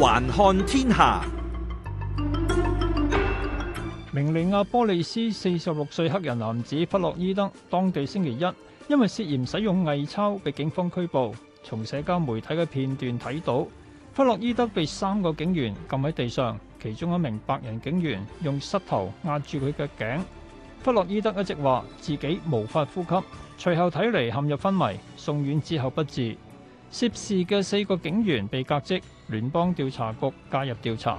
環看天下，明尼阿波利斯四十六歲黑人男子弗洛伊德，當地星期一因為涉嫌使用偽鈔被警方拘捕。從社交媒體嘅片段睇到，弗洛伊德被三個警員撳喺地上，其中一名白人警員用膝頭壓住佢嘅頸。弗洛伊德一直話自己無法呼吸，隨後睇嚟陷入昏迷，送院之後不治。涉事嘅四個警員被革職，聯邦調查局介入調查。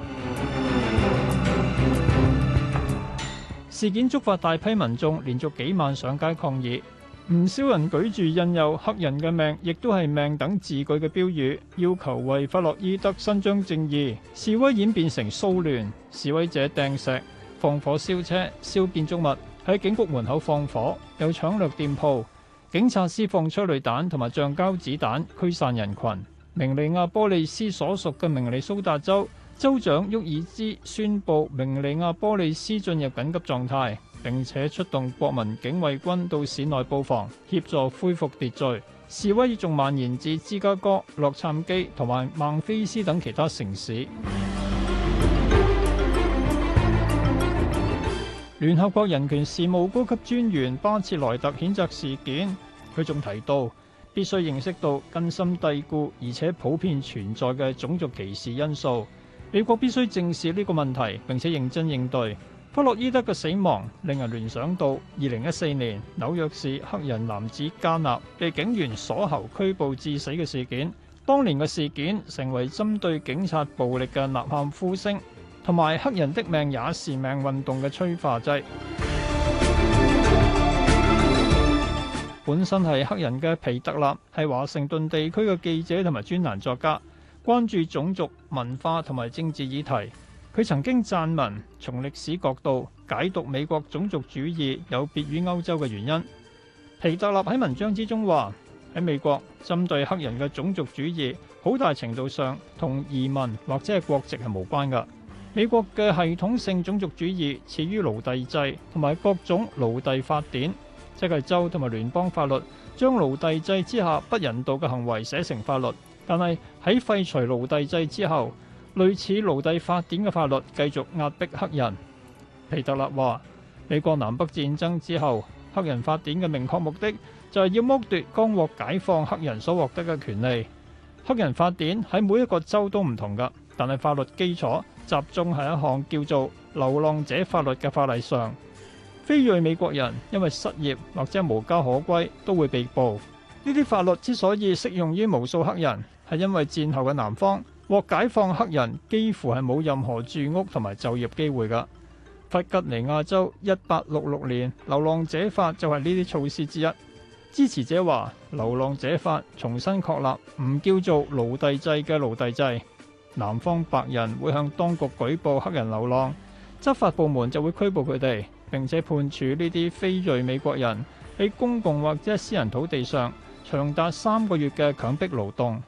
事件觸發大批民眾連續幾萬上街抗議，唔少人舉住印有黑人嘅命，亦都係命等字句嘅標語，要求為弗洛伊德伸張正義。示威演變成騷亂，示威者掟石、放火燒車、燒建築物，喺警局門口放火，又搶掠店鋪。警察施放催淚彈同埋橡膠子彈驅散人群。明尼阿波利斯所屬嘅明尼蘇達州州長沃爾茲宣布明尼阿波利斯進入緊急狀態，並且出動國民警衛軍到市內佈防，協助恢復秩序。示威亦仲蔓延至芝加哥、洛杉磯同埋孟菲斯等其他城市。聯合國人權事務高級專員巴切萊特譴責事件，佢仲提到必須認識到根深蒂固而且普遍存在嘅種族歧視因素。美國必須正視呢個問題，並且認真應對。弗洛伊德嘅死亡令人聯想到二零一四年紐約市黑人男子加納被警員鎖喉拘捕致死嘅事件。當年嘅事件成為針對警察暴力嘅吶喊呼聲。同埋黑人的命也是命運動嘅催化劑。本身係黑人嘅皮特納係華盛頓地區嘅記者同埋專欄作家，關注種族文化同埋政治議題，佢曾經撰文，從歷史角度解讀美國種族主義有別於歐洲嘅原因。皮特納喺文章之中話，喺美國針對黑人嘅種族主義好大程度上同移民或者係國籍係無關嘅。美國嘅系統性種族主義始於奴隸制同埋各種奴隸法典，即係州同埋聯邦法律，將奴隸制之下不人道嘅行為寫成法律。但係喺廢除奴隸制之後，類似奴隸法典嘅法律繼續壓迫黑人。皮特勒話：美國南北戰爭之後，黑人法典嘅明確目的就係要剝奪剛獲解放黑人所獲得嘅權利。黑人法典喺每一個州都唔同㗎。但係法律基礎集中喺一項叫做流浪者法律嘅法例上。非裔美國人因為失業或者無家可歸都會被捕。呢啲法律之所以適用於無數黑人，係因為戰後嘅南方獲解放黑人幾乎係冇任何住屋同埋就業機會㗎。弗吉尼亞州一八六六年流浪者法就係呢啲措施之一。支持者話：流浪者法重新確立，唔叫做奴隸制嘅奴隸制。南方白人會向當局舉報黑人流浪，執法部門就會拘捕佢哋，並且判處呢啲非裔美國人喺公共或者私人土地上長達三個月嘅強迫勞動。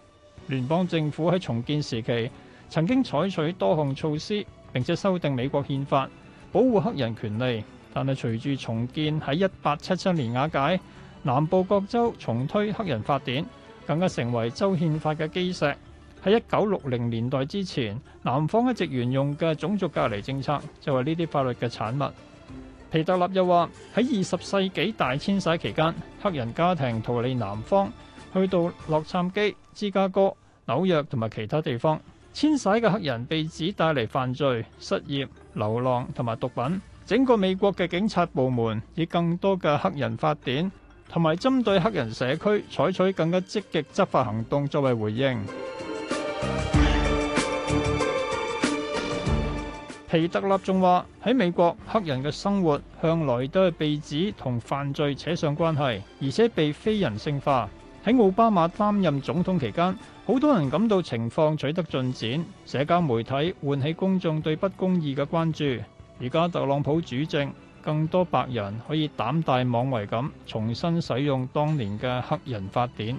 聯邦政府喺重建時期曾經採取多項措施，並且修訂美國憲法，保護黑人權利，但係隨住重建喺一八七七年瓦解，南部各州重推黑人法典，更加成為州憲法嘅基石。喺一九六零年代之前，南方一直沿用嘅種族隔離政策就係呢啲法律嘅產物。皮特納又話，喺二十世紀大遷徙期間，黑人家庭逃離南方，去到洛杉磯、芝加哥、紐約同埋其他地方。遷徙嘅黑人被指帶嚟犯罪、失業、流浪同埋毒品。整個美國嘅警察部門以更多嘅黑人法典同埋針對黑人社區採取更加積極執法行動作為回應。皮特納仲話：喺美國，黑人嘅生活向來都係被指同犯罪扯上關係，而且被非人性化。喺奧巴馬擔任總統期間，好多人感到情況取得進展，社交媒體喚起公眾對不公義嘅關注。而家特朗普主政，更多白人可以膽大妄為咁重新使用當年嘅黑人法典。